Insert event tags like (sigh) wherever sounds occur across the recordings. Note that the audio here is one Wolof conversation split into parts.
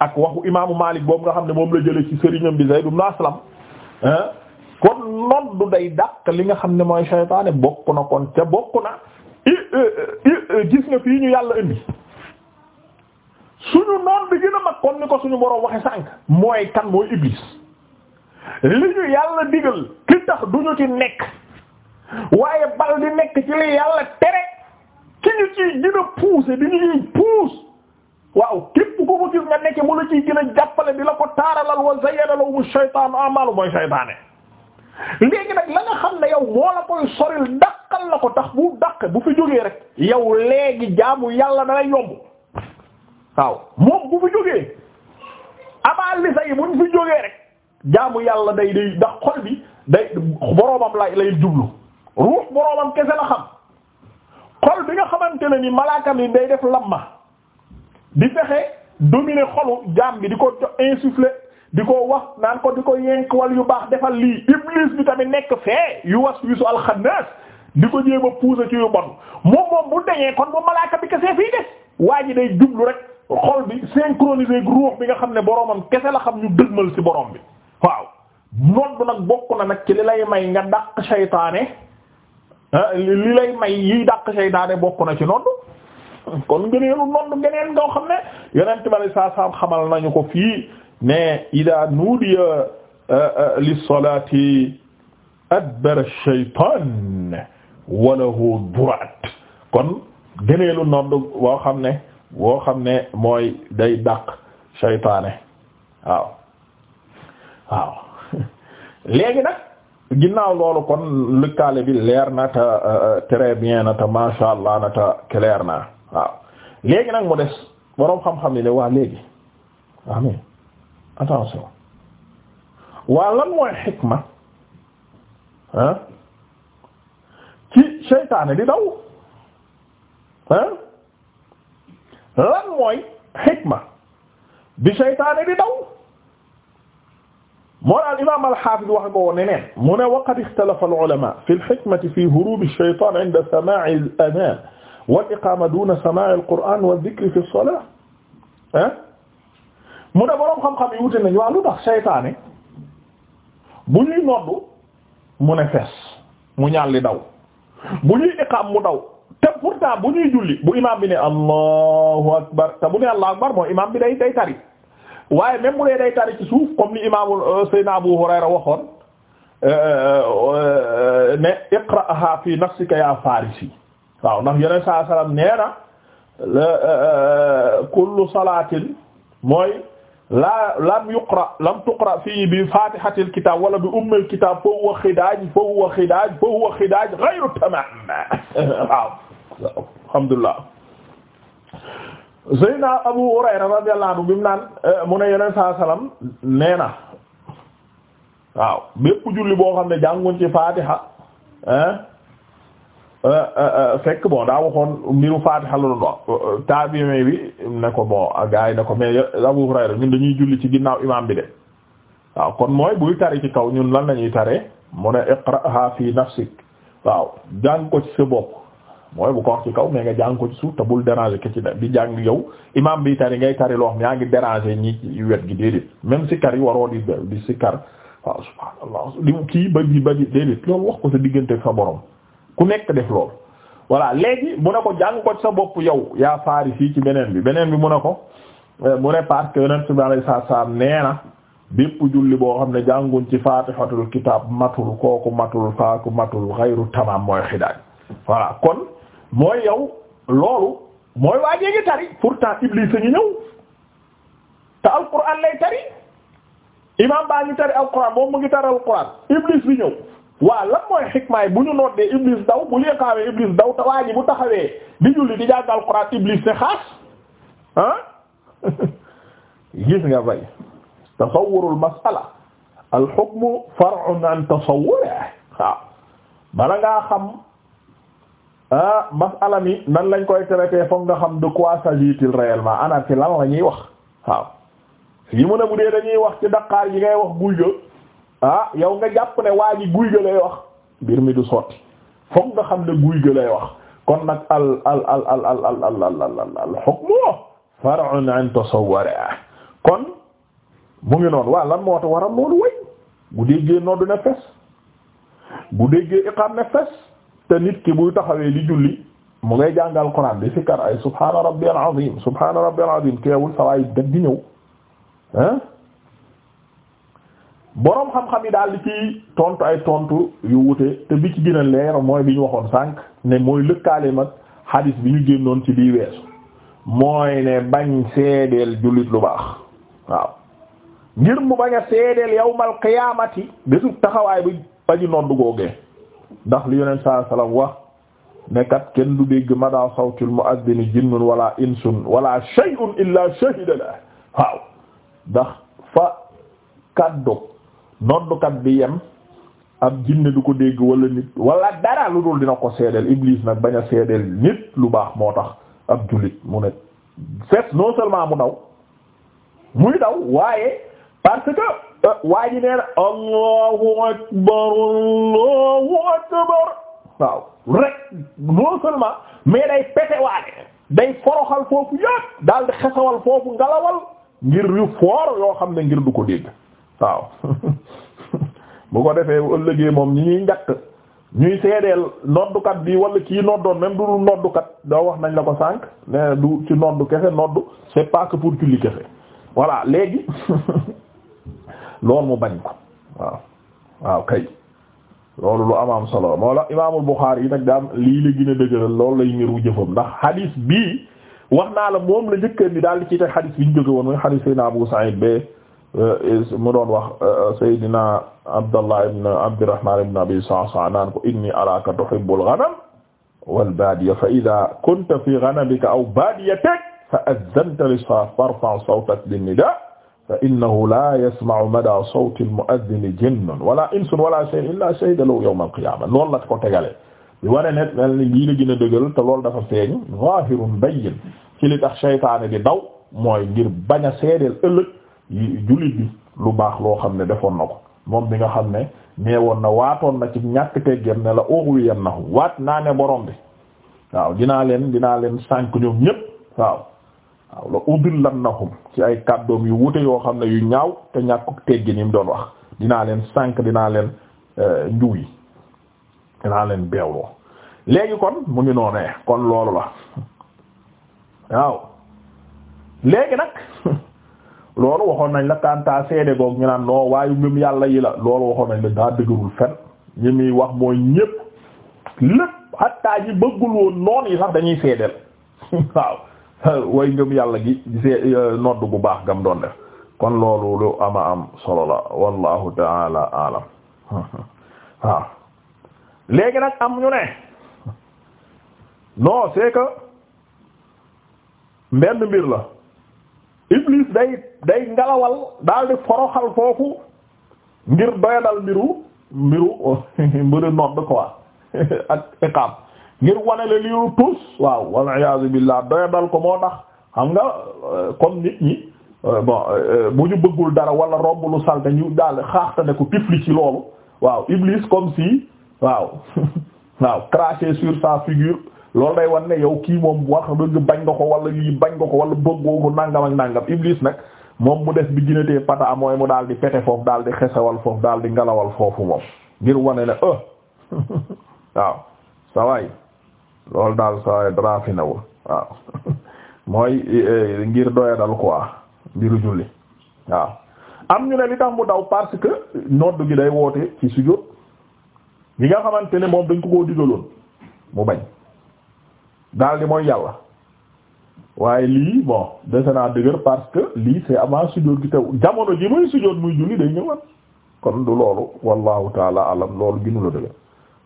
ak waxu imaamu Malik boobu nga xam ne moom la jëlee ci sëriñam bi Zayd ibn Aslam kon nodd day dàq li nga xam ne mooy shaytaane bokk na kon te bokk na gis nga fii ñu yàlla indi suñu noon bi gën a mag kon ni ko suñu boroom waxe sànk mooy kan mooy iblis li ñu yàlla digal ki tax duñu ci nekk waaye bal di nekk ci li yàlla tere ki ñu ciy gën a pousser di ñu ciy pousse waaw képp ku ko gis nga nekk mu la ciy gën a jàppale di la ko taaralal wa zayyana lahum shaytaanu a'maalu mooy shaytaane léegi nag la nga xam ne yow moo la koy ko tax bu dàq bu fi jógee rek yow léegi yàlla da lay yomb waaw moom bu fi jógee amaa lisa yi buñ fi jógee rek jaamu yàlla day day ndax xol bi day boroomam lay lay jublu ruux boroomam kese la xam xol bi nga xamante ne ni malaakam yi day def lamma di fexe dominer xolu jaam bi di ko insuffler di ko wax naan ko di ko yenk wal yu baax defal lii iblis bi tamit nekk fee yu was wisu alxannaas di ko jéem a pousser ci yu bon moom moom bu dañee kon bu malaaka bi kese fii des waa ji day jublu rek xol bi synchroniser ruux bi nga xam ne boromam kese la xam ñu dëgmal ci borom bi waaw nodd nag bokk na nag ci li lay may nga dàq seytaane ah, li lay may yi dàq seytaane bokk na ci nodd kon ngëneelu nodd ngeneen nga xam ne yonent bi saa xamal nañu ko fii ne ida nuudiya uh, uh, lis-salaati adbara ash-shaytaan wa lahu durat kon gëneelu nodd boo xam ne woo xam ne mooy day dàq shaytaane waaw waaw (laughs) léegi nag ginnaaw loolu kon lëkkaale bi leer na ta uh, très bien na ta masha Allah na ta clair na waaw léegi nag mu des boroom xam-xam ni ne waa léegi waa mais attention waa lan mooy xikma ah ci seytaane di daw ah lan mooy xikma bi seytaane di daw moo daal imaam al-Haafiz wax nga woon neneen mu ne waqad ixtalafa al-ulamaa fi al-xikmati fi huruub ash-shaytaan inda samaa'i al-adaan wal iqama duna samaa' al qur'an wa dhikri fi as-salah ah mu ne boroom xam-xam yi wute nañ waaw lu tax seytaane bu ñuy noddu mu ne fees mu ñaan li daw bu ñuy iqam mu daw te pourtant bu ñuy julli bu imam bi ne allahu akbar te bu ne allahu akbar mooy imam bi day day tari waaye même bu dee day tari ci suuf comme ni imaamu euh, Seydina Abu Hurayra waxoon euh, euh, ne iqra'aha fi nafsika ya farisi waaw ndax yeneen saa salaam nee na euh, euh, kullu salaatin mooy laa lam yuqra lam tuqra fii bi fatihatil kitab wala bi ummil kitab fa huwa xidaaj fa huwa xidaaj fa huwa xidaaj ghayru tamam (laughs) waaw alhamdulillah Seydina Abu Hurayra radiyallahu anhu bi mu naan euh, mu ne yeneen saa salaam nee na waaw bépp julli boo xam ne jànguñ ci fatiha ah Euh, euh, euh, fekk bon daa waxoon mbiru Faatiha la doon wax tabi'i bi ne ko bon gars yi ne ko mais Abu Hurayra ñun dañuy julli ci ginnaaw imaam bi de waaw kon mooy buy tari ci kaw ñun lan lañuy taree mu ne iqra'ha fi nafsik waaw jàng ko ci sa bopp mooy ko wax ci kaw nga jàng ko ci suuf te ci da jàng yow imaam bi tari ngay tari loo xam ngi déranger ñi ci wet gi déedéet même sikkar yi waroo di di sikkar waaw subhaanallah di kii ba ji ba ji déedéet loolu wax ko sa diggante sa borom ku nekk def lool voilà léegi mu ne ko jàng ko sa bopp yow yaa faari fii ci beneen bi beneen bi mu ne ko eh, mu ne parce que yonent bi alayhi bépp julli boo xam ne jànguñ ci faatihatul kitaab matul kooku matul faaku matul xayru tamaam mooy xidaaj voilà kon mooy yow loolu mooy waa jéegi tari pourtant Iblis a ngi ñëw te alquran lay tari imam baa ngi tari alquran moom mu ngi tari alquran Iblis bi ñëw waa lan mooy xikmaay bu ñu noddee iblis daw bu leekaawee iblis daw te waa ji bu taxawee di julli di jàng alxuraan iblis ne xaas ah (laughs) gis nga fay tasawurul masala al hukmu far'un an tasawwurihi waaw bala ngaa xam ah masala mi nan lañ koy traité foog nga xam de quoi s'agit-il réellement ana ci lan la ñuy wax waaw yi mu ne bu dee dañuy wax ci daqaar yi ngay wax buy ah yow nga jàpp ne waa ji guy ga lay wax mbir mi du sotti fokk nga xam ne guy ga lay wax kon nag al al al al al al al al al al hukmu far'un an tasawwara kon mu ngi noonu waa lan moo tax waral loolu way bu déggee noddu ne fes bu déggee iqaam ne fes te nit ki buy taxawee li julli mu ngay jàngal quran bi sikkar ay subhaana rabbiyal azim subhaana rabbiyal teewul sa waay dag di ñëw boroom xam-xam yi daal di ci tontu ay tontu yu wute te bi ci gën a leer mooy bi ñu waxoon sànq ne mooy lëkkaale mag xadis bi ñu génnoon ci bii weesu mooy ne bañ seedeel jullit lu baax waaw ngir mu bañ a seedeel yawmal qiyaamati bésu taxawaay bi bañu noddu googee ndax li yonent saa sallam wax ne kenn du dégg madaa sawtul mu'addini jinnun wala insun wala shay'un illa shahida la waaw ndax fa kaddu noddukat bi yem ab jinne du ko dégg wala nit wala dara lu dul dina ko seedeel Iblis nag bañ a seedeel nit lu baax moo tax ab jullit mu ne fees non seulement mu daw muy daw waaye parce que euh, waa ji nee na waaw rek non seulement mais day pete day foroxal foofu yëpp daal di xesawal foofu ngalawal ngir yu foor yoo xam ne ngir du ko dégg waaw (laughs) bu ko defee bu ëllëgee moom ñi ñuy njatt ñuy seedeel noddukat bi wala kii noddoon même du dul noddukat doo wax nañ la ko sànq ne du ci noddu kese noddu c'est pas que pour julli kese voilà léegi (laughs) loolu mu bañ ko waaw waaw kay loolu lu am am solo moo la imaamul Buxaari yi nag daam lii la gën lool dëgëral loolu lay niru jëfam ndax hadis bii wax naa la moom la njëkkan bi daal ci teg hadis bi ñu jóge woon mooy hadis Seydina Abu Sa'id be Euh, mu doon wax euh, euh, Seydina Abdallah ibn Abdirahman ibn Abi Sa'sa'a naan ko inni araka tuhibbul ghanam wal baadiya fa idha kunta fi ghanamika aw baadiyatik fa adhanta lis-salah farfa' sawtak bin-nidaa fa innahu la yasma'u mada sawti al-mu'adhdhin jinnun wala insun wala shay'un illa shahida lahu yawm al-qiyamah loolu la ko tegalee bi wane ne mel ni lii la gën a dëgëral te loolu dafa feeñ zaahirun bayyin ci li tax seytaane di daw mooy ngir bañ a seedeel ëllëg jullit bi lu baax loo xam ne defoon na ko moom bi nga xam ne neewoon na waatoon na ci ñàkk teggem ne la ooxu yan na waat naa ne boroom bi waaw dinaa leen dinaa leen sànk ñoom ñépp waaw waaw la udillannahum ci ay kàddoom yu wute yoo xam ne yu ñaaw te ñàkkuk teggi ni mu doon wax dinaa leen sànk dinaa leen euh, njuw yi dinaa leen beewloo léegi kon mu ngi noonee kon loolu la waaw léegi nag (laughs) loolu waxoon nañ la kanta seede goog ñu naan non waaye ngëm yàlla yi la loolu waxoon nañ la daa dëgërul fen ñi muy wax mooy ñépp lépp xattaa ñi bëggul woon noon yi sax dañuy seedeel (laughs) waaw way ngëm yàlla gi see euh, nodd bu baax gam doon def kon loolu lu ama am solo la wallahu taala alam (laughs) waaw léegi nag am ñu ne non c'est mbenn mbir la iblis day day ngalawal daal di foroxal foofu ngir doyadal mbiru mbiru (laughs) mbiru nodd quoi (laughs) ak iqaam ngir wane la liiru tus waaw wal iyaazu billaah doyadal ko moo tax xam nga comme euh, nit ñi euh, bon euh, bu ñu bëggul dara wala romb lu salte ñu daal xaaxta ne ko tifli ci loolu waaw iblis comme si waaw (laughs) waaw cracher sur sa figure loolu day wan ne yow kii moom wax bañ nga ko wala lii bañ nga ko wala bëggoo ko nangam ak nangam Iblis nag moom mu des bi ginatee pata a mooy mu daal di pete foofu daal di xesewal foofu daal di ngalawal foofu moom ngir wane ne ah waaw daal sawaay fi newul (laughs) mooy eh, ngir doyadal quoi mbiru julli waaw am ñu ne li tax mu daw parce que nodd gi day woote ci sujjóot li nga xamante ne moom dañ ko koo digaloon mu bañ daal di mooy yàlla waaye lii bon dese naa dëgër parce que lii c'est avant sujjóot gi tew jamono ji muy sujjóot muy julli day ñëwaat kon du loolu wallahu taala alam loolu ginu la dëgër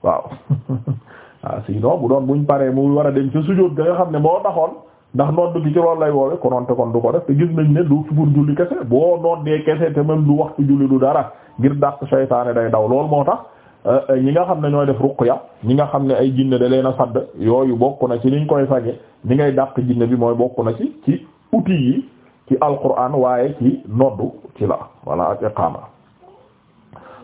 waaw si (laughs) ah, sinon bu doon buñ paree mu war a dem ca sujjóot ga nga xam ne moo taxoon ndax nodd gi ci loolu lay woowe konoonte kon du ko def te gis nañ ne du pour julli kese boo noddee kese te même du waxtu julli du dara ngir dàq seytaane day daw loolu moo tax Euh, ñi nga xam ne ñooy def ruqya ñi nga xam ne ay jinne da leen a fadd yooyu bokk na ci liñ koy faje ñi ngay dàq jinne bi mooy bokk na ci ci outil yi ci alquran waaye ci noddu ci la walla ak iqama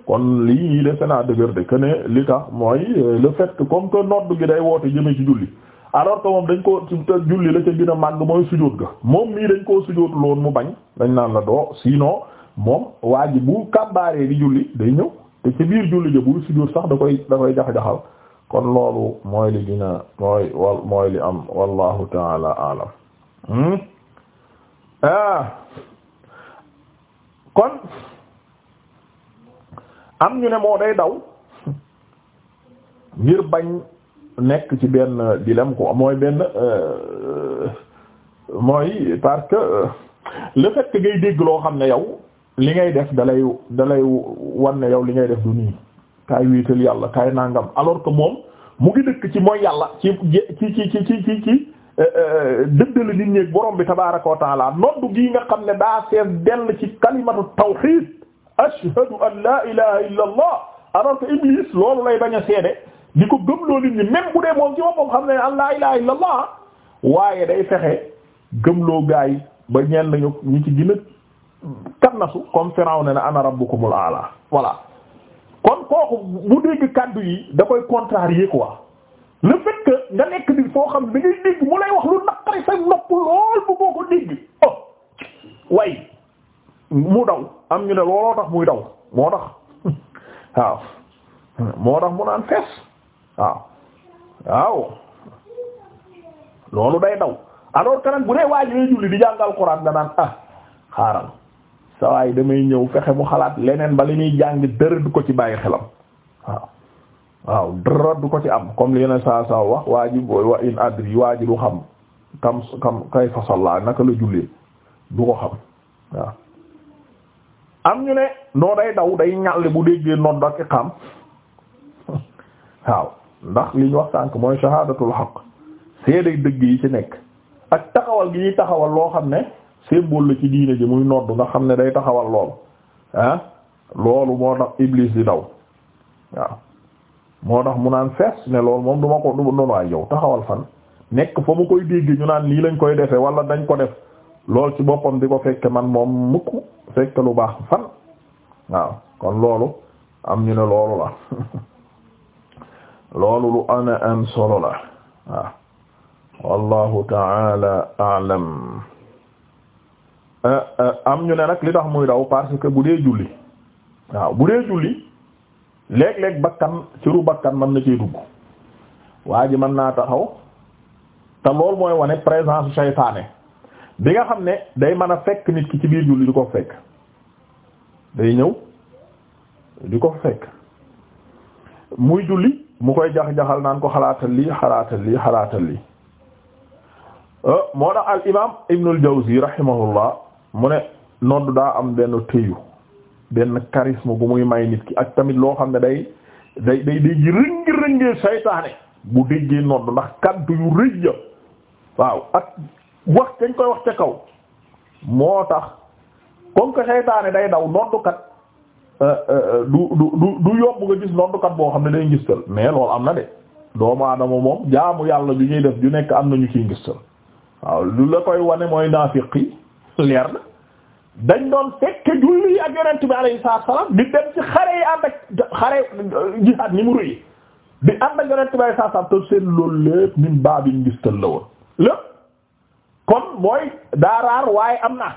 kon lii ñii defe naa dëgër de que li tax mooy euh, le fait comme que noddu gi day woote jëme ci julli alors que moom dañ koo te julli la ca gën a màgg mooy sujóot ga moom mii dañ koo sujóot loon mu bañ dañ naan la doo sinon moom waa ji bu kàbbaaree di julli day ñëw te ci biir julli ja bu sujjóot sax da koy da koy jax-jaxal kon loolu mooy li dina mooy wal mooy li am wallahu taala alam hmm? ah kon am ñu ne moo day daw ngir bañ nekk ci benn dilemme ko mooy benn euh, mooy parce que euh, le fait que dégg loo xam ne yow li ngay def dalay dalay wan ne yow li ngay def du nii kaay wéetal yàlla kaay nangam alors que moom mu ngi dëkk ci mooy yàlla ci ci ci ci ci ci ci euh, euh, dëddale nit ñeek borom bi tabaaraka wa taala gi gii nga xam ne daa fees dell ci kalimatu tawxiid ashhadu an laa ilaha illa allah alors que loolu lay bañ a seede di ko gëmloo nit ñi même bu dee moom ci boppam xam ne an laa ilaha illa waaye day fexe gëmloo gaay ba ñenn ñu ñu ci gën kannasu comme Firaw ne na ana rabbukumul ala voilà kon kooku bu dégg kaddu yi da koy contrarier quoi le fait que nga nekk di foo xam da ngay dégg mu lay wax lu naqari sa nopp lool bu ko dégg oh mu daw am ñu ne looloo tax muy daw moo tax (laughs) waaw moo tax mu naan fees waaw waaw loolu day daw alors que bu dee waa ji lay julli di jàngal Alxuraan nga naan ah xaaral sawaay damay ñëw fexe mu xalaat leneen ba li muy jàng dara ko ci bàyyi xelam waaw waaw dara du ko ci am comme li yeneen saa saa wax waa ji booy wa in adri waa xam kam kam kay fasalla naka la jullee du ko xam waaw am ñu ne noo day daw day ñàll bu déggee nodd ak xam waaw ndax li ñu wax tànk mooy shahadatul haqq seede dëgg yi ci nekk ak taxawal gi ñuy taxawal loo xam ne symbole la ci diine ji muy nodd nga xam ne day taxawal lool ah loolu moo tax iblis di daw waaw moo tax mu naan fees ne loolu moom duma ko du doon waay yow taxawal fan nekk fa mu koy dégg ñu naan lii lañ koy defe wala dañ ko def lool ci boppam di ko fekke man moom mukk fekke lu baax fan waaw kon loolu am ñu ne loolu la (laughs) loolu lu ana am solo la waaw wallahu ta'ala a'lam Euh, euh, am ñu ne nag li tax muy daw parce que bu dee julli waaw bu dee julli léeg-léeg bakkan ciru bakkan man na ci dugg waa ji mën naa taxaw te loolu mooy wane présence seytaane bi nga xam ne day mën a fekk nit ki ci biir julli di ko fekk day ñëw di ko fekk muy julli mu koy jax-jaxal naan ko xalaatal lii xalaatal lii xalaatal lii euh, moo tax al imam ibnul jawzi rahimahullah mu ne nodd daa am benn tëyu benn charisme bu muy may nit ki ak tamit loo xam ne day day day di ji rëngi rëngee bu déggee nodd ndax kaddu yu rëj ya waaw ak wax dañ koy wax ca kaw moo tax comme que saytaane day daw noddukat euh, euh, du du du du yóbbu nga gis noddukat boo xam ne day ngistal mais loolu am na de doomu aadama moom jaamu yàlla ju ñuy def ju nekk am na ñu ciy ngistal waaw lu la koy wane mooy naafiq leer na dañ doon fekk julli yi ak yonent bi alayhi salaam di dem ci xare yi ànd ak ni mu rëy di ànd ak yonent bi alayhi salaam seen loolu lépp min baabin ngistal la woon lépp kon mooy daaraar waaye am na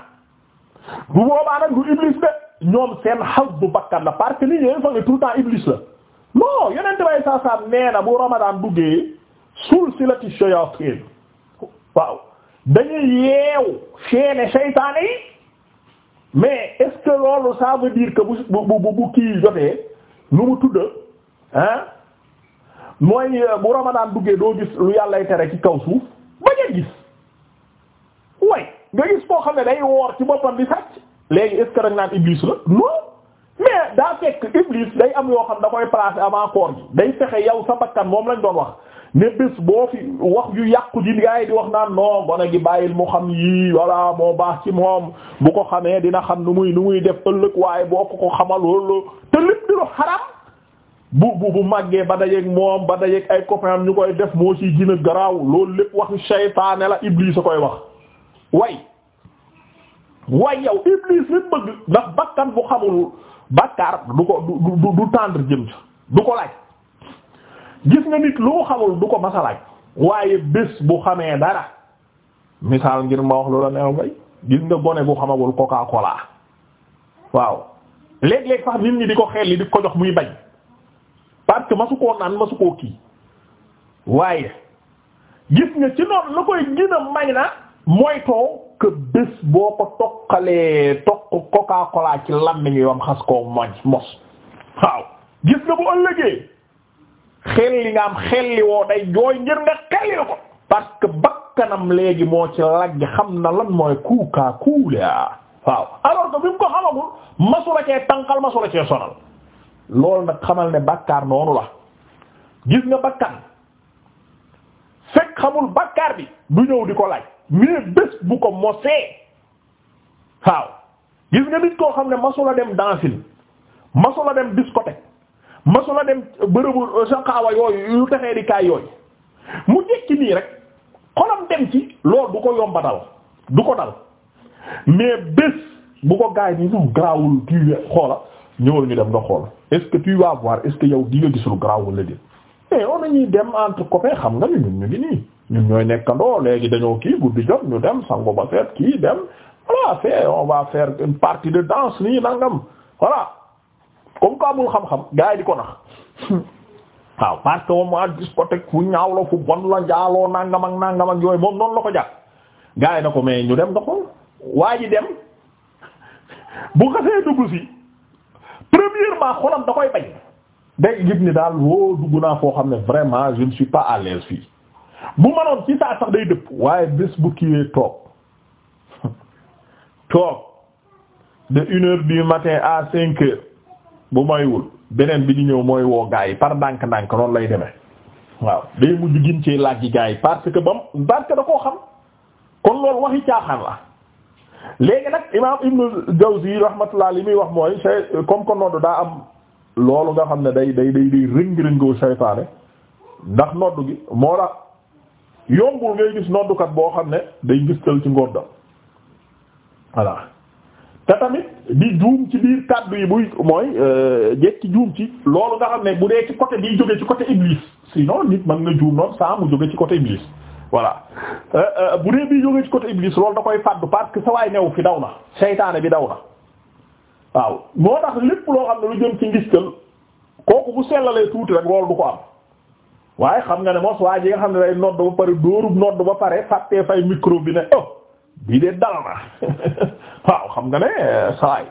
bu boobaa nag iblis de ñoom seen xas bu bakkan la parce que li ñeen fa nga tout temps iblis la non yonent bi alayhi salaam nee na bu Ramadan duggee sulsilati shayatin waaw dañuy yeewu seene seytaane yi mais est loolu ça veut dire que bu bu bu kii jotee nu mu tudd ah mooy euh, bu Ramadan duggee doo gis lu yàllay tere ci kaw suuf ba nga gis way nga gis koo xam ne day woor ci boppam bi sàcc léegi est-ce que rek naan Iblis la non mais daa fekk Iblis day am yoo xam da koy placer avant koor gi day fexe yow sa bakkan moom lañ doon wax ne bés boo fi wax yu yàqu ji gaa yi di wax naan non gone gi bàyyil mu xam yii walla moo baax ci moom bu ko xamee dina xam nu muy nu muy def ëllëg waaye boo ko ko xamal loolu te lépp di lu xaram bu bu bu màggee ba dajeeg moom ba dajeeg ay copains ñu koy def moo ci gën a garaaw loolu lépp waxu seytaane la Iblis a koy wax way way yow Iblis li bëgg ndax bakkan bu xamul bàkkaar du ko du du du tendre jëm du ko laaj. gis nga nit lu mu xamul du ko masalaaj waaye bés bu xamee dara misaal ngir ma wax loola neew bay gis nga gone gu xamagul coca cola waaw léeg-léeg sax nit ñi di ko xel li di ko jox muy bañ parce que masu koo naan masu koo kii waaye gis nga ci noonu la koy gën a na moytoo que bés boo ko toqalee toq coca cola ci lam ni ñuy wam xas koo moñ mos waaw gis nga bu ëllëgee xel li nga am xel li woo day jooy ngir nga xellil ko parce que bakkanam léegi moo ci lajj xam na lan mooy kuukaa kuulaa waaw alors que bi mu ko xamagul masula cee tànqal masula cee sonal loolu nag xamal ne bàkkaar noonu la gis nga bakkan fekk xamul bàkkaar bi du ñëw di ko laaj mais bés bu ko mosee waaw gis nga nit koo xam ne masula dem dansin masula dem discothèque masula dem bërëbu euh, saqaawa yooyu yu taxee di kaay yooyu mu jekki nii rek xolam dem ci loolu du ko yomba dal du ko dal mais bés bu ko gaay ni lu garaawul tu xoola ñëwal ñu def nga xool est-ce que tu vas est-ce que yow di nga gis lu garaawul la dén mais on nañuy dem entre copains xam nga ñu ñun ñu ngi nii ñun ñooy nekkandoo léegi dañoo kii guddi jot ñu dem sango ba seet kii dem voilà c'est on va faire une partie de danse nii nangam voilà comme que amul xam-xam gars yi di ko nax waaw parce moom mu ànd fu ñaaw la fu bon la njaaloo nangam ak nangam ak yooyu moom noonu la ko jàpp gars yi na ko mais ñu dem nga xool waa ji da koy bañ day naa foo xam ne vraiment je ne suis pas à l'aise fii bu manoon ci saa sax day dëpp waaye bés bu kiiwee toog (laughs) toog de une heure du matin à cinq heures bu moywul beneen bi di ñëw mooy woo gaa yi par ndànk-ndànk noonu lay demee waaw day mujj gin cee laaj yi gaa yi parce que ba mu parce da koo xam kon loolu waxi caaxaan la léegi nag imaam Ibnu Jawzi rahmatullah li muy wax mooy comme que nodd daa am loolu nga xam ne day day day day rëng-rëngoo saytaane ndax nodd gi moo tax yombul ngay gis noddukat boo xam ne day gis ci ngóor dam te tamit di juum ci biir kàddu yi buy mooy euh, jekki juum ci loolu nga xam ne bu dee ci côté bi jóge ci côté Iblis sinon nit mën nga juum noonu saa mu jóge ci côté Iblis voilà euh, euh, bu dee bi jóge ci côté Iblis loolu da koy fàddu parce que sa waay new fi daw na seytaane bi daw na waaw moo tax lépp loo xam ne lu jëm ci ngistal kooku bu sellalee tuuti rek loolu du ko am waaye xam nga ne mos waa jee nga xam ne day nodd ba pare dóorub nodd ba pare fàttee fay micro bi ne oh bii de dal na (laughs) waaw xam nga ne saay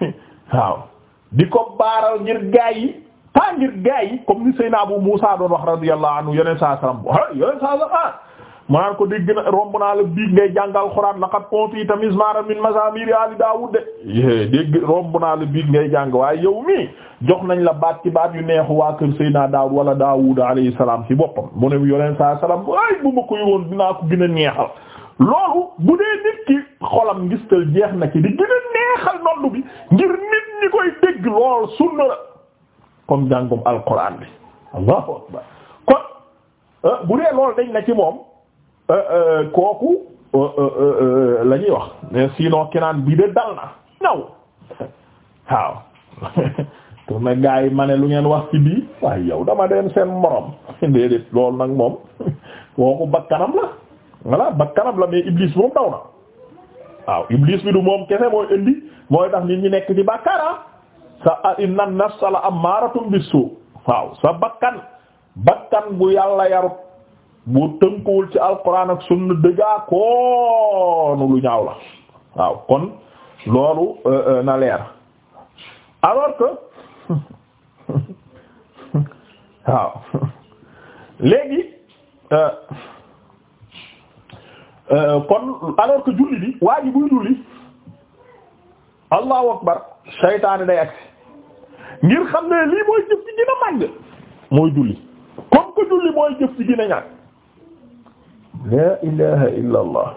(laughs) waaw di ko baaral ngir gaay yi ngir gaay yi comme ni Seydina Abu Musa doon wax radiyallahu anhu yeneen saa salaam ah yeneen saa salaam ah naan ko dégg na romb naa la biig ngay jàngal xuraan laqad utiita mizmaara min mazaamiiri aali Daawuud de dégg romb naa la biig ngay jàng waaye yow mii jox nañ la baat ci baat yu neexu waa kër Seydina Daawuud wala Daawuud alayhi salaam ci boppam mu ne yeneen saa salaam bu ma koy loolu bu dee nit ki xolam ngistal jeex na ci di gën a neexal noddu bi ngir nit ñi koy dégg lool sunna la comme jàngum alquran bi kon euh, bu dee loolu dañ na ci moom euh, euh, kooku lañuy wax mais sinon kinaan bii de dal na ñaw waaw pour (laughs) ne ma ne lu ngeen wax ci bii waaye yow dama dem seen morom (laughs) déedéet loolu nag moom (laughs) kooku bakkanam la voilà bakkanam la mais iblis moom daw na waaw iblis bi du moom kese mooy indi mooy tax nit ñi nekk ci bàkkaara ah. sa a inna nafsa la ammaaratum bisu waaw sa bakkan bakkan bu yàlla yarut bu tënkuwul ci alquran ak sunna dëggaa ah, koonu lu ñaaw la waaw kon loolu euh, euh, na leer alors que (laughs) waaw (laughs) léegi euh, Euh, kon alors que julli bi waa buy julli allahu akbar saytaane day agsi ngir xam ne lii mooy jëf ci gën a mooy julli comme que julli mooy jëf ci gën a ñàkk laa ilaha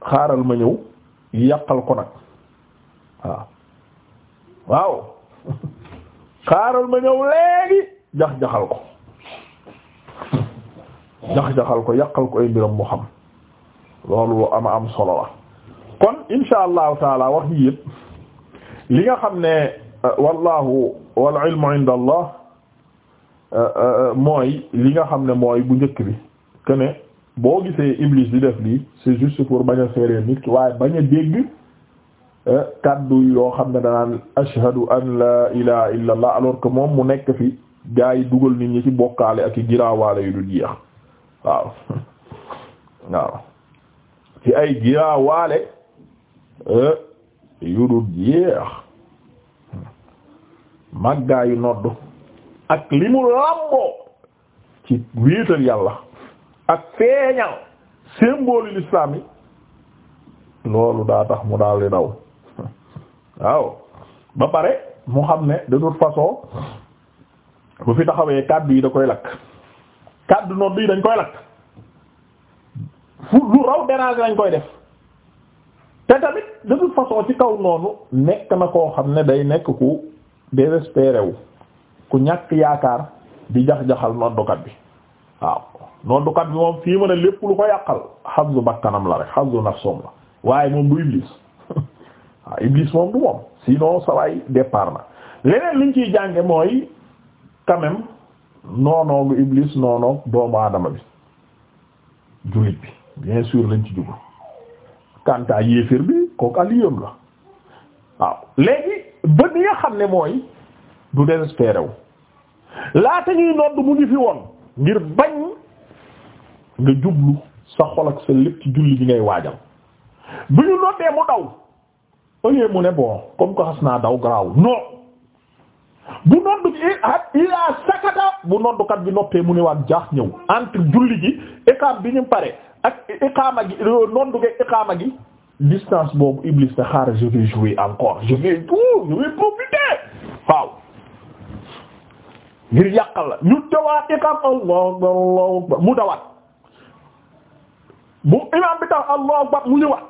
xaaral ma ñëw yàqal ko nag waaw waaw (laughs) xaaral ma ñëw léegi jax-jaxal ko jax-jaxal ko yàqal ko ay mbiram mu xam loolu ama am solo la kon insha allahu taala wax yi li nga xam ne euh, wallahu wal ilmu inda euh, euh, mooy li nga xam ne mooy bu njëkk bi que boo gisee iblis di def lii c'est juste pour bañ a seeree nit waaye bañ dégg kaddu yoo xam ne danaan ashhadu an la ilaha illa alors que moom mu nekk fi gaa yi dugal nit ñi ci bokkaale ak i giraawaale yu du jeex waaw waaw ci ay giraawaale euh, yu dul jeex màggaayu nodd ak li mu làmboo ci wéetal yàlla ak feeñal symbole l'islam yi loolu daa tax mu daal di daw waaw ba pare mu xam ne de toute façon bu fi taxawee kàddu yi da koy lakk kàddu nodd yi dañ koy lakk fu lu raw déranger lañ koy def te tamit de toute façon ci kaw noonu nekk na koo xam ne day nekk ku désespéré ku ñàkk yaakaar di jax-jaxal noddukat bi waaw noddukat bi moom fii mën a lépp lu ko yàqal xabdu bakkanam la rek xabdu nafsom la waaye moom du iblis (laughs) waaw moom du moom sinon sawaay départ na leneen liñ ciy jànge mooy quand noonoogu iblis noonoog doomu aadama bi jullit bi bien sûr lañ ci jublu kanta yéeféer bi kooku aliyam la waaw léegi bët yi nga xam ne mooy du désespéré wu laata ñuy nodd mu ngi fi woon ngir bañ nga jublu sa xol ak sa lépp ci julli bi ngay waajal bu ñu noddee mu daw au lieu mu ne bon comme ko xas naa daw garaaw non bu noddu gi eh, ah, ila sakata bu noddukat bi noppee mu ne waat jaax ñëw entre julli gi iqaam bi ñu pare ak iqaama gi euh, noddu gi iqaama gi distance boobu Iblis na xaar je vais jouer encore je vais tout je vais profiter waaw ngir yàqal la ñu dawaat iqaam allahu akbar allahu mu imaam bi tax allahu mu ñëwaat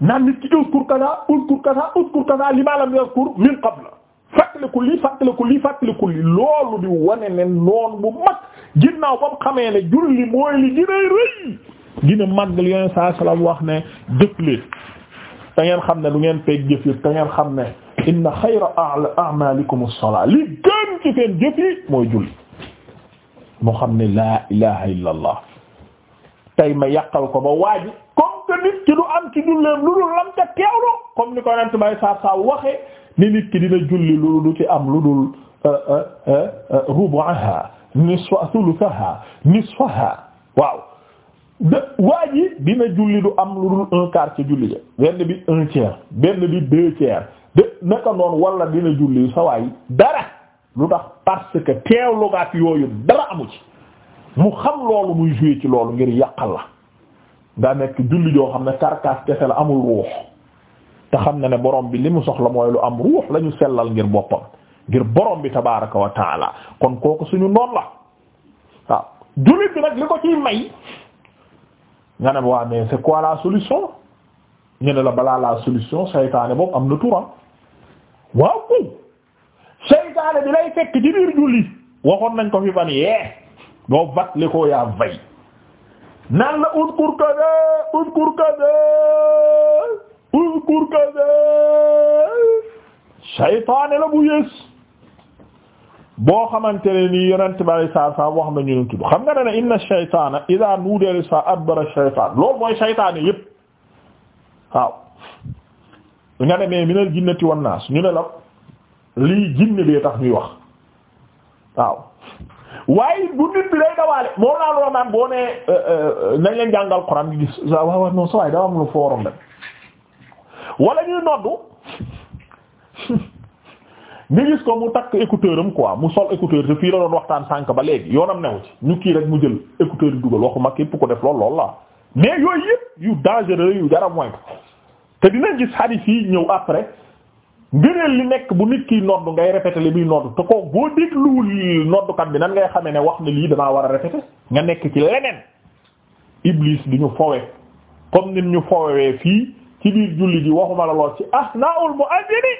naan nit ki uzkur kaza uzkur kaza uzkur kaza lima lam yazkur min qabla fàttaliku lii fàttaliku lii fàttaliku lii loolu di wane ne noon bu mag ginnaaw ba mu xamee julli mooy li gën a rëy mag li yoneen saa salaam wax ne jëf leen ngeen xam ne du ngeen peeg jëf yi te ngeen xam ne inna xayra a'malikum as-salaa li gën mooy julli moo xam ne laa ilaha illa allah tey ma yàqal ko ba waaji comme que nit ki du am ci julleem lam ca teewlu comme ni ko nent bay waxe ni nit ki dina julli lu du ci am lu dul euh, euh, euh, rubu'aha nisfa thuluthaha nisfaha waaw de waa ji dina julli du am lu dul un quart ci julli ja benn bi un tiers benn bi deux tiers de naka noonu wala dina julli sa waay dara lu tax parce que teewlu gaat yooyu dara amu ci mu xam loolu muy jouer ci loolu ngir yàqal la nga nekk julli joo xam ne carcasse kese la amul ruux te xam na ne borom bi li mu soxla mooy lu am ruux la ñu sellal ngir boppam ngir borom bi tabaraka wa kon kooku suñu noon la jullit bi nag li ko ciy may nga ne waa mais quoi la solution ñu la balaa la solution saytaane boobu am na turam waaw ku saytaane bi lay fekk ci biir julli waxoon nañ ko fi fan yee boo vat li ko yaa vay naan la udkur kada udkur kada uzkur kaza saytaane la bu yées boo xamante ne nii yonent bari saa saa wax nañu leen tudd xam nga ne ne inna saytaana idaa nuudiya lis-salaa adbara loolu mooy saytaane yépp waaw. nga ne mais minal jinnati wan naas ñu ne la lii jinne bee tax ñuy wax waaw waaye bu nit bi day dawaale moo laa lool naan boo nee euh, euh, nañ leen jàngal Alxuraan bi gis waaw waaw sa waay daa am lu forum rek. wala ñuy noddu ñu gis ko mu takk écouteur ko quoi mu sol écouteur te fii la doon waxtaan sànk ba léegi yoonam new ci ñu kii rek mu jël écouteur yi dugal waxuma képp ko def lool lool mais yooyu yëpp yu dangereux yu dara moytu te dinañ gis xadis yi ñëw après ngëneel li nekk bu nit kiy nodd ngay répété li muy nodd te ko boo dégluwul noddukat bi nan ngay xamee ne wax na lii damaa war a répété nga nekk ci leneen iblis di ñu fowe comme nit ñu fowewee fii ci biir julli ji waxuma la lool ci asnaul mu'adhdini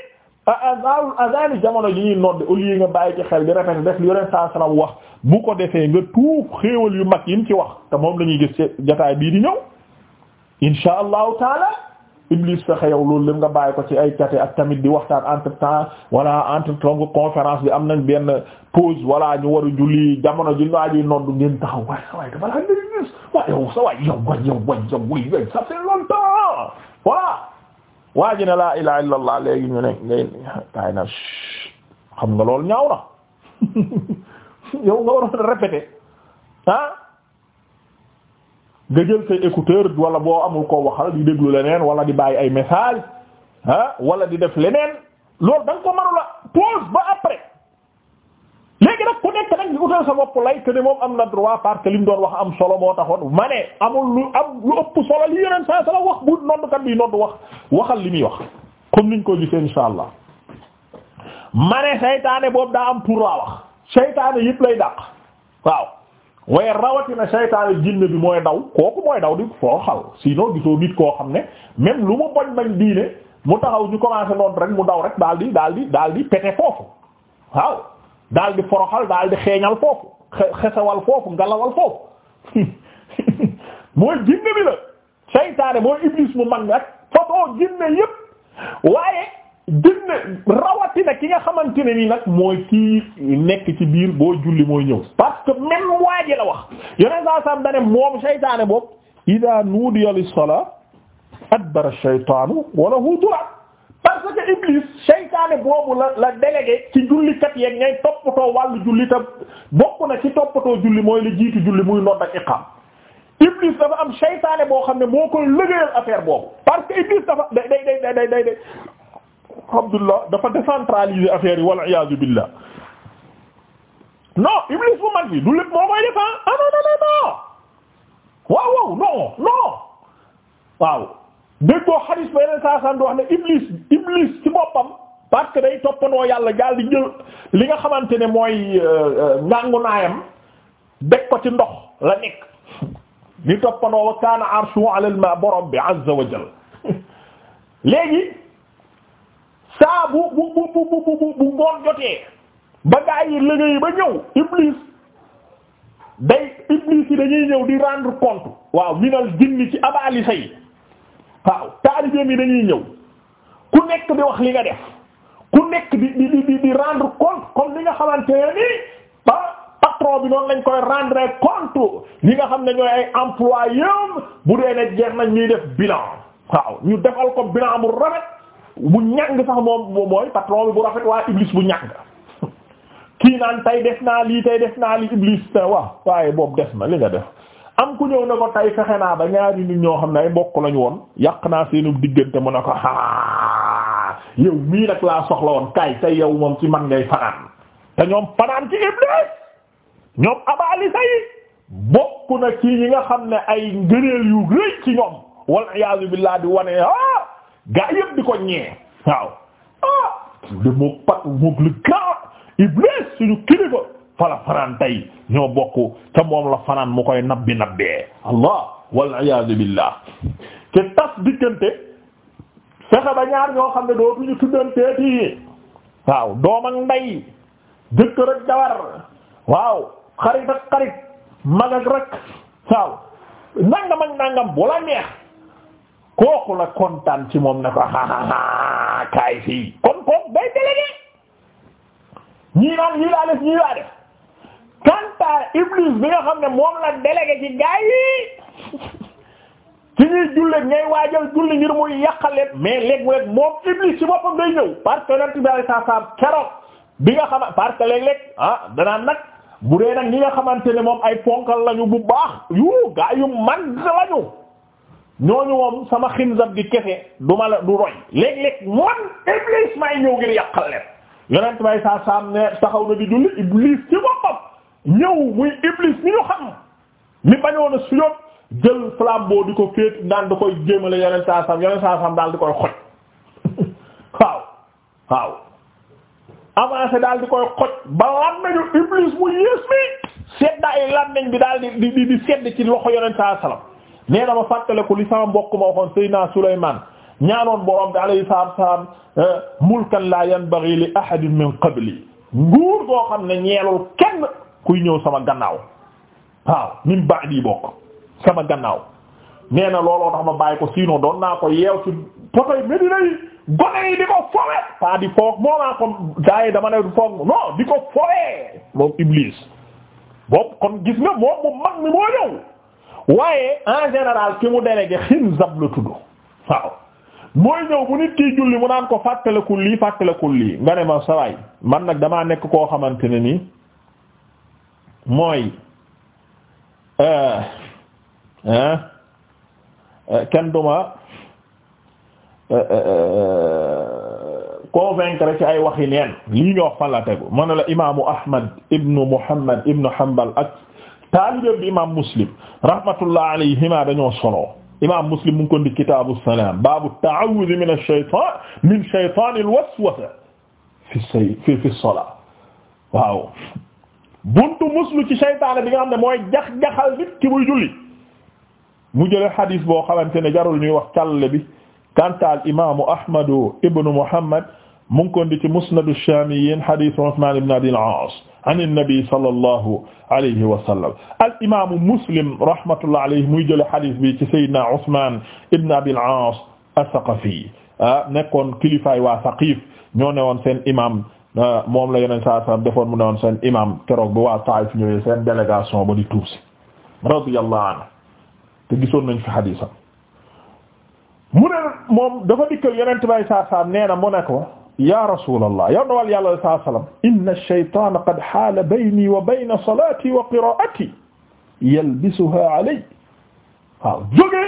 asnaul adhan jamono ji ñuy nodd ul lieu nga bàyyi ci xel di répété def li yoneen saa salaam wax bu ko defee nga tuub xéewal yu mag yi mu ci wax te moom la ñuy gis ci jotaay bii di ñëw insha allahu taala iblis fexe yow loolu lépp nga bàyyi ko ci ay cate ak tamit di waxtaan entre temps wala entre temps conférence bi am nañ benn pause wala ñu waru a julli jamono ji waa ji nodd ngeen taxaw waaye sa waay voilà waa ji ne laa ilaha illa allah léegi ñu ne ngay kaay xam nga loolu ñaaw na (laughs) yow nga waroon répéter ah nga jël say écouteur wala boo amul ko waxal di déglu leneen wala di bàyyi ay message ah wala di def leneen loolu da nga ko manula pause ba après léegi nag ku nekk nag di utal sa bopp lay que ne moom am na droit parce doon wax am solo moo taxoon ma amul lu am lu ëpp yeneen saa sala wax bu noddkat bi nodd wax waxal li muy wax comme niñ ko gisee insha allah ma ne saytaane boobu daa am pour laa wax saytaane yëpp lay dàq waaw waaye rawatina saytaane jinne bi mooy daw kooku mooy daw di foo xal sinon gisoo nit koo xam ne même lu mu bañ bañ diine mu taxaw ñu commencé nodd rek mu daw rek daal di daal daal di pete foofu waaw daal di foroxal daal di xeeñal foofu xesewal foofu ngalawal foofu (laughs) mooy jinne bi la seytaane mooy iblis mu mag mi ak façon yépp waaye jinne rawatina ki nga xamante ne nii nag mooy kii nekk ci biir boo julli mooy ñëw parce que même waa la wax yeneen saa sam dane moom seytaane boobu ida nuudiya lis-salaa adbara ash-shaytaanu wa lahu durat parce que iblis boobu la la délégué ci jullikat yeeg ngay toppatoo wàllu julli ta bokk na ci toppatoo julli mooy la jiitu julli muy nodd ak iqaam Iblis dafa am seytaane boo xam ne moo koy liggéeyal affaire boobu parce que Iblis dafa day day day day day dafa décentraliser affaire yi wal iyaazu bu mag bi du lépp moo koy def ah, ah non non non non waaw waaw non non waaw déggoo xaris ba yeneen saa saan di wax ne Iblis Iblis ci boppam. parce que day toppandoo yàlla daal di li nga xamante ne mooy euh, euh, nangu naayam ko ci ndox la nekk. ni toppandoo wa kaana arshu ala al ma borom bi azza wa jalla (laughs) léegi saa bu bu bu bu bu bu ngoon jotee ba gaa yi liggéey ba ñëw iblis day iblis yi dañuy ñëw di rendre compte waaw minal jinni ci abaali say waaw taalibeem yi dañuy ñëw ku nekk di wax li nga def ku nekk di di di di rendre compte comme li nga xamante ne nii patron bi noonu lañ koy rendre compte ñi nga xam ne ñooy ay employés bu dee ne jeex nañ ñuy def bilan waaw ñu defal ko bilan bu rafet bu ñàng sax moom mooy patron bi bu rafet waa Iblis bu ñàng kii naan tey des naa lii tey des naa lii Iblis te waaw waaye boobu def na li nga def am ku ñëw na ko tey fexe naa ba ñaari nit ñoo xam ne ay mbokk lañu woon yàq naa seenu diggante mu ne ko haa yow mii woon kay tey yow moom ci man ngay fanaan ñoom abali sayi na ci ñi nga xam ne ay ngëneel yu rëy ci ñoom wal iyaazu billaah di wane ah gaa yëpp di ko ñee waaw ah de moog pat moog le grand iblis suñu kilifa fala fanaan tey ñoo bokk te moom la fanaan mu koy nabbi nabbee allah wal iyaazu billaah te tas diggante fexe ba ñaar ñoo xam ne dootuñu tuddanteeti waaw doom ak ndey jëkkër ak waaw xarit ak xarit mag ak rek waaw nangam ak nangam bu la neex kooku la kontaan ci moom na ko xaaxaaxaa kaay fii kon kooku day délégué ñii naan ñii laa def ñii kanta iblis bi nga xam ne moom la délégué ci gaay yi ci ñuy jullit ngay waajal julli ngir muy yàqaleen mais léegi mu moom iblis ci boppam day ñëw parce que yonent bi sallallahu alayhi wasallam keroog nga xam parce que léeg-léeg ah nag bu dee nag ñi nga xamante ne moom ay ponkal lañu bu baax yu gaa yu mag lañu ñooñu moom sama xinzab di kese du ma la du roy léeg-léeg man iblis may ñëw ngir yàqal leen yonent may saa saam ne taxaw na di julli iblis ci boppam ñëw muy iblis mi ñu xam mi bañoon a suyoon jël flambeau di ko féet naan da koy jéemale yonent saa saam yonent saa saam daal di koy xoj (laughs) waaw waaw avancé daal di koy xoj ba làmmeñu iblis mu yées mi seddaay làmmeñ bi daal di di di sedd ci loxo yonent saa salaam nee na ma fàttale ko li sama mbokk ma waxoon Seydina Souleymane ñaanoon borom bi alayhi salaatu wa salaam eh, mulkan la yanbaghi li ahadin min qabli nguur goo xam ne ñeelul kenn kuy ñëw sama gannaaw waaw min ba'di bokk sama gannaaw nee na looloo tax ma bàyyi ko sinon doon naa ko yeew ci potoy Medina gone yi di ko fowe pas di foog moomaa ah, comme gaa yi dama ne du foog non di ko fowe moom Iblis boobu kon gis nga moom mu mag mi moo ñëw waaye en général ki mu délégué Xinzab la tudd waaw mooy ñëw bu nit kii julli mu naan ko fàttalikul lii fàttalikul lii nga ne ma sawaay man nag damaa nekk koo xamante ne nii mooy euh, euh, kenn duma Euh, euh, euh, convaincre ci ay waxi neen lii nga wax fan la tegu mën na la imaamu Ahmad ibnu Muhammad ibnu Hanbal ak taalibe bi imaam Muslim rahmatullah alayhima dañoo solo imaam Muslim mu ngi ko ndi kitaabu salaam baabu ta'awwuz min ash-shaytaan min shaytaan al-waswasa fi fi fi as-salaa waaw buntu muslu ci shaytaan bi nga xam ne mooy jax jaxal nit ki muy julli mu jëlee xadiis boo xamante ne jarul ñuy wax càll bi. kantaal imaamu ahmadu ibnu muhammad mu ngi ko indi ci musnadu shaamiyyiin hadiisu Usmaan ibn Abil Aas an nabi sallallahu alayhi wa sallam al imaamu muslim rahmatullahi alayhi muy jël hadiis bi ci sayyidina Usmaan ibn Abil Aas as-Saqafi ah nekkoon kilifaay waa Saqiif ñoo newoon seen imaam moom la yeneen saa saa defoon mu newoon seen imaam keroog bi waa Taayif ñëwee seen délégation ba di tuub si radiyallahu anhu te gisoon nañ fi hadiisam mu ne moom dafa dikkal yonent bay saa saam nee na mu ne ko ya rasulallah yow ndawal yàlla alai saai sallam inna ash-shaytaana qad haala bayni wa bayna salaati wa qiraati yalbisuha alay waaw jógee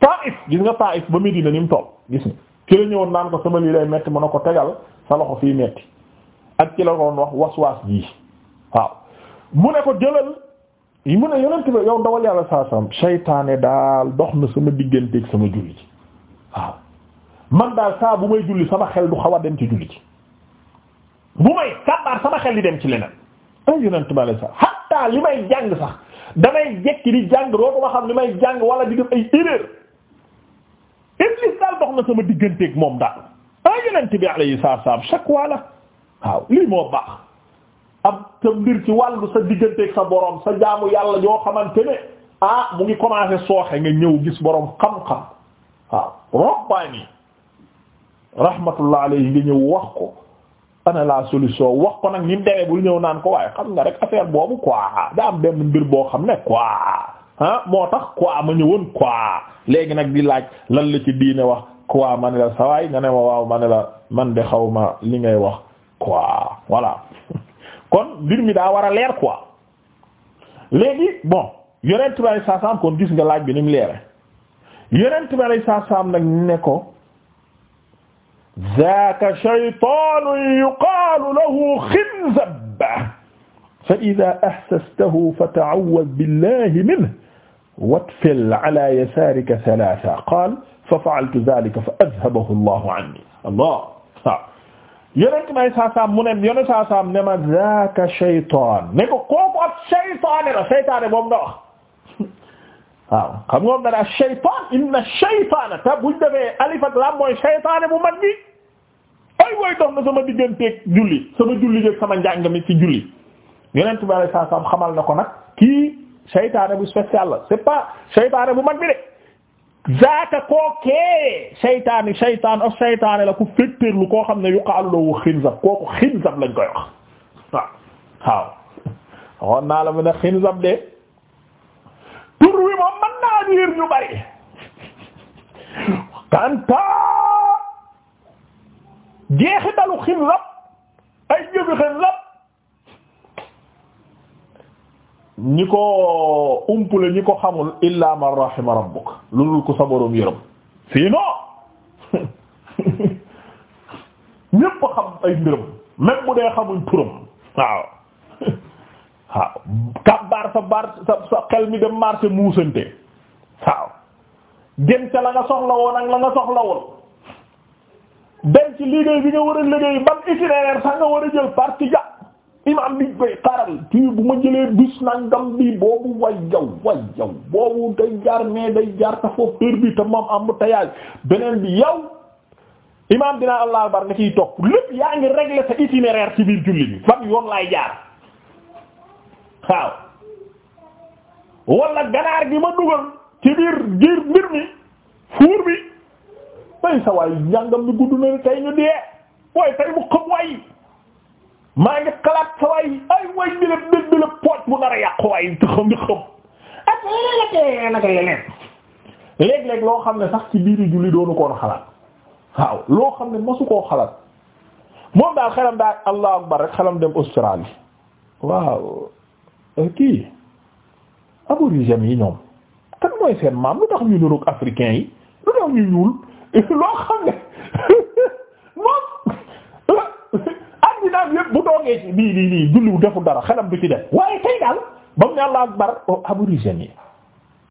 Taif gis nga Taif ba Medina ni mu toll gis nga ki la ñëwoon naan ko sama lii lay metti mu ne ko tegal sa ko fi metti ak ki la doon wax waswaas ji waaw mu ne ko jëlal yi mu ne yonent bi yow dawal yàlla saa saam seytaane daal dox na sama digganteeg sama julli ji waaw man daal saa bu may julli sama xel du xaw a dem ci julli ji bu may kàbbaar sama xel di dem ci leneen ay yonent bi alayhi salaam hatta li may jàng sax damay jekki di jàng dootu ma xam li may jàng wala di def ay erreur iblis daal dox na sama digganteeg moom daal ay yonent bi alayhi salaam chaque fois la waaw lii moo baax. am sa mbir ci wàllu sa digganteeg sa boroom sa jaamu yàlla yoo xamante ne ah mu ngi commencé sooxe nga ñëw gis boroom xam-xam waaw rabbaani rahmatullah alayhi nga ñëw wax ko ana solution wax ko nag ni mu demee bul ñëw naan ko waaye xam nga rek affaire boobu quoi daa am benn mbir boo xam ne quoi ah moo tax quoi ma ñëwoon quoi léegi nag di laaj lan la ci diine wax quoi ma ne la sawaay nga ne ma waaw ma ne la man de xaw ma li ngay wax quoi voilà (laughs) kon mbir mi daa war a leer quoi léegi bon yonent bi alayhi salaam kon gis nga laaj bi ni mu leere yonent bi alayhi salaam nag ne ko zaaka shaytaanun yuqaalu lahu xinzab fa idaa ahsastahu fata'awwaz billaahi minhu watfil alaa yasaarika salaasa qaala fa fa'altu zaalika fa azhabahu llaahu annii allah yonent may saasaam mu ne yonent saasaam ne ma zaaka shaytaan ne ko kooku ak shaytaane la shaytaane boobu nga (laughs) waaw xam nga moom dana shaytaan inna shaytaana te buñ defee alif ak laam mooy shaytaane bu mag bi ay woy dox na sama digganteeg julli sama julli jeeg sama njàng mi ci julli yonent may saasaam xamal na ko nag kii shaytaane bu spécial la c'est pas shaytaane bu mag bi de zaaka kookee saytaani saytaan ak saytaane la ku féttéerlu koo xam ne yuqaalu lahu xinzab kooku xinzab lañ koy wax waaw waaw waxoon naa la mu ne xinzab de tur wi moom mën naa liir ñu bari kanta jeexitalu xinzab ay jëfi xinzab ñi ko umpule ñi ko xamul illa man rahima rabbuk loolu ko sa yërëm fii non (laughs) ñépp xam ay mbiram même bu dee xamuñ turam waaw (laughs) waaw kabbaar sa baar sa sa xel mi dem marché muusante waaw gën ca la nga soxla woon ak la nga soxla woon dem ci liggéey bi nga war a liggéey ban itinéraire sax nga war a jël parti ja man liñ koy bu ma jëlee bis nangam bi boobu way jaw way jaw boobu day jaar mais day jaar ta foofu bi te am ta beneen bi yow imaam dinaa allah bar nga ciy topp lépp yaa ngi régler sa itinéraire ci biir julli bi fan yoon laay jaar waaw wala ganaar gi ma dugal ci biir biir mbir mi fuur bi tay sa waay njàngam gudd na tey ñu dee waaye tay mu xam waay maa ngi xalaat sa ay way bi la bég pooj bu nar yàqu waay te xam nga xam ak leneen léeg loo xam ne sax ci biiri julli doonu koon xalaat waaw loo xam ne masu koo xalaat moom daal xelam daal allahu akbar xelam dem Australie waaw eh, kii aborigènes yi ñoom kan mooy seen maam lu tax ñu niroog africains yi lu tax ñu ñuul (laughs) loo xam ne (laughs) naan yépp bu doogee ci bii lii lii julliw defu dara xelam bi ci def waaye tey daal ba mu ne Allah akbar aborigène yi